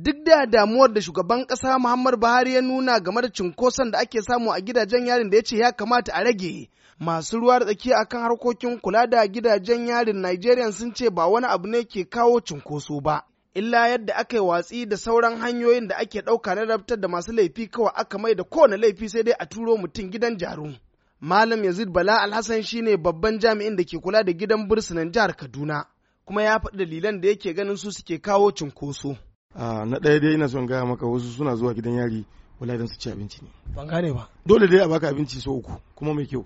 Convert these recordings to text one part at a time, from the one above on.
duk da damuwar da shugaban kasa Muhammad Buhari ya nuna game da cunkoson da ake samu a gidajen yarin da ya ce ya kamata a rage, masu ruwa da tsaki akan harkokin kula da gidajen yarin Najeriya sun ce ba wani abu ne ke kawo cunkoso ba. Illa yadda aka yi watsi da sauran hanyoyin da ake ɗauka na rabtar da masu laifi kawai aka mai da kowane laifi sai dai a turo mutum gidan jarum. Malam Yazid Bala Alhassan shine babban jami'in da ke kula da gidan bursunan jihar Kaduna, kuma ya faɗi dalilan da yake ganin su suke kawo cunkoso. na ɗaya dai ina son gaya maka wasu suna zuwa gidan yari wala su ci abinci ne ban gane ba dole dai a baka abinci so uku kuma mai kyau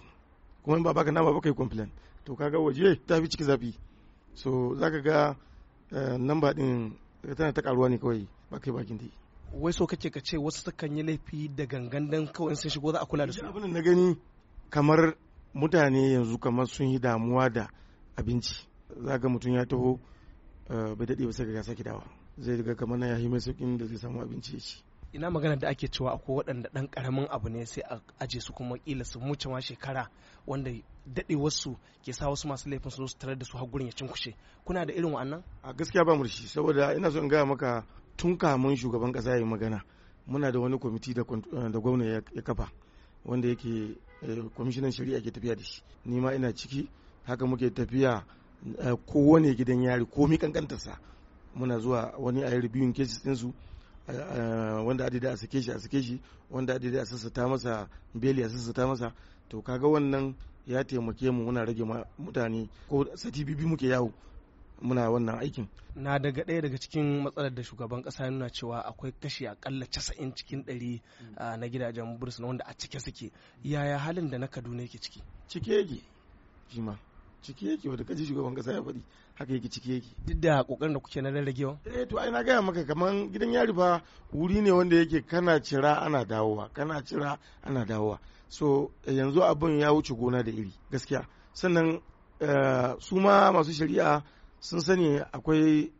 kuma in ba baka nama baka yi complain to kaga waje ta fi ciki zafi so zaka ga eh, namba din tana ta karuwa ne kawai ba kai bakin dai wai so kake ka ce wasu sukan yi laifi da gangan dan kawai sun shigo za a kula da su abin na gani kamar mutane yanzu kamar sun yi damuwa da abinci zaka mutum ya taho eh, bai daɗe ba sai ga sake dawa zai ga kamar na yahi mai kin da zai samu abinci ya ci ina magana da ake cewa akwai waɗanda ɗan ƙaramin abu ne sai a aje su kuma ƙila su muce ma shekara wanda daɗe wasu ke sa wasu masu laifin su zo su tarar da su har gurin ya cinkushe kuna da irin wa'annan a gaskiya ba murshi saboda ina so in gaya maka tun kamun shugaban ƙasa ya magana muna da wani kwamiti da eh, gwamna ya kafa wanda yake eh, kwamishinan shari'a ke tafiya da shi ni ma ina ciki haka muke tafiya eh, kowane gidan yari komi kankantarsa muna zuwa wani a yi reviewing kesis ɗinsu wanda adida a sake shi a sake shi wanda adida a sassata masa beli a sassata masa to kaga wannan ya taimake mu muna rage mutane ko sati bibi muke yawo muna wannan aikin na daga ɗaya daga cikin matsalar da shugaban ƙasa nuna cewa akwai kashi akalla casa'in cikin ɗari mm. na gidajen bursuna wanda a cike suke yaya halin da na kaduna yake ciki cike yake shi ma ciki yake wata kaji shugaban kasa ya faɗi haka yake ciki yake duk da kokarin da kuke na rarragewa eh to ai na gaya maka kaman gidan yari ba wuri ne wanda yake kana cira ana dawowa kana cira ana dawowa so eh, yanzu abin ya wuce gona da iri gaskiya sannan eh, su ma masu shari'a sun sani akwai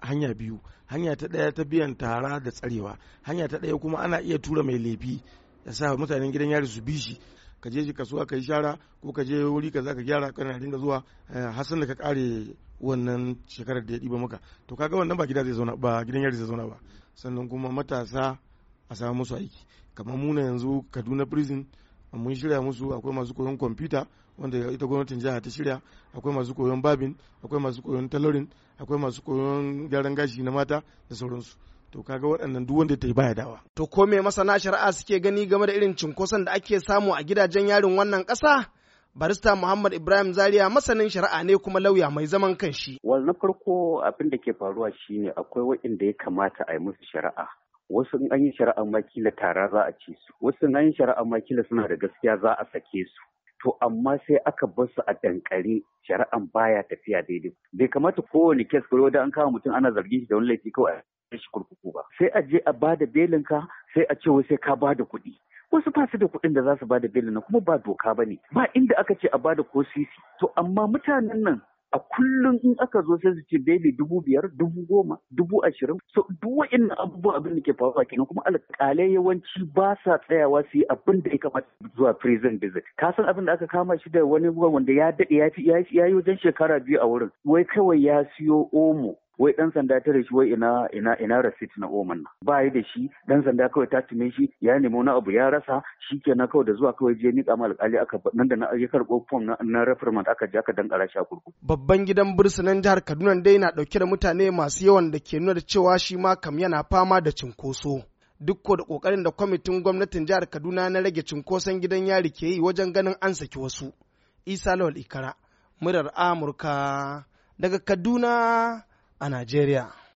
hanya biyu hanya ta ɗaya ta biyan tara da tsarewa hanya ta ɗaya kuma ana iya tura mai laifi ya sa mutanen gidan yari su bi shi ka je kasuwa ka yi shara ko ka je wuri za ka gyara kana dinga zuwa eh, hasan da ka kare wannan shekarar da ya ɗiba maka to kaga wannan ba gida zai zauna ba gidan yari zai zauna ba sannan kuma matasa a samu musu aiki kamar muna yanzu kaduna prison mun shirya musu akwai masu koyon kwamfuta wanda ita gwamnatin jiha ta shirya akwai masu koyon babin akwai masu koyon talorin akwai masu koyon gyaran gashi na mata da sauransu to kaga waɗannan duk wanda ta yi baya dawa. To ko me masana shari'a suke gani game da irin cinkoson da ake samu a gidajen yarin wannan ƙasa? barista Muhammad Ibrahim Zaria masanin shari'a ne kuma lauya mai zaman kanshi. Wal na farko abin da ke faruwa shine akwai waɗanda ya kamata a yi musu shari'a. Wasu in an yi shari'a ma kila tara za a ci su, wasu in an yi shari'a ma kila suna da gaskiya za a sake su. to amma sai aka bar su a dankare shari'an baya tafiya daidai bai kamata kowane kes ko da an kama mutum ana zargin shi da wani laifi kawai a shi kurkuku ba sai a je a bada ka sai a ce wai sai ka bada kuɗi wasu ba su da kuɗin da za su bada belin nan kuma ba doka ba ne ba inda aka ce a bada ko sisi to amma mutanen nan a kullum in aka zo sai su ce bebe dubu biyar dubu goma dubu ashirin so duk wa'in abubuwa abin da ke faruwa kenan kuma alƙalai yawanci ba sa tsayawa su yi abin da ya kamata zuwa prison visit ka san abin da aka kama shi da wani wanda ya daɗe ya yi wajen shekara biyu a wurin wai kawai ya siyo omo wai dan sanda ta shi wai ina ina ina receipt na oman ba yi da shi dan sanda kawai ta tume shi ya nemi wani abu ya rasa shi shikenan kawai da zuwa kawai je ni kama alƙali aka nan da na ya karɓo form na, na referment aka je aka dankara shi a kurkuku babban gidan bursunan jihar Kaduna dai na ɗauke da mutane masu yawan da ke nuna da cewa shi ma kam yana fama da cinkoso duk ko da kokarin da kwamitin gwamnatin jihar Kaduna na rage cinkoson gidan yari ke yi wajen ganin an saki wasu Isa Lawal Ikara murar Amurka daga Kaduna a Najeriya.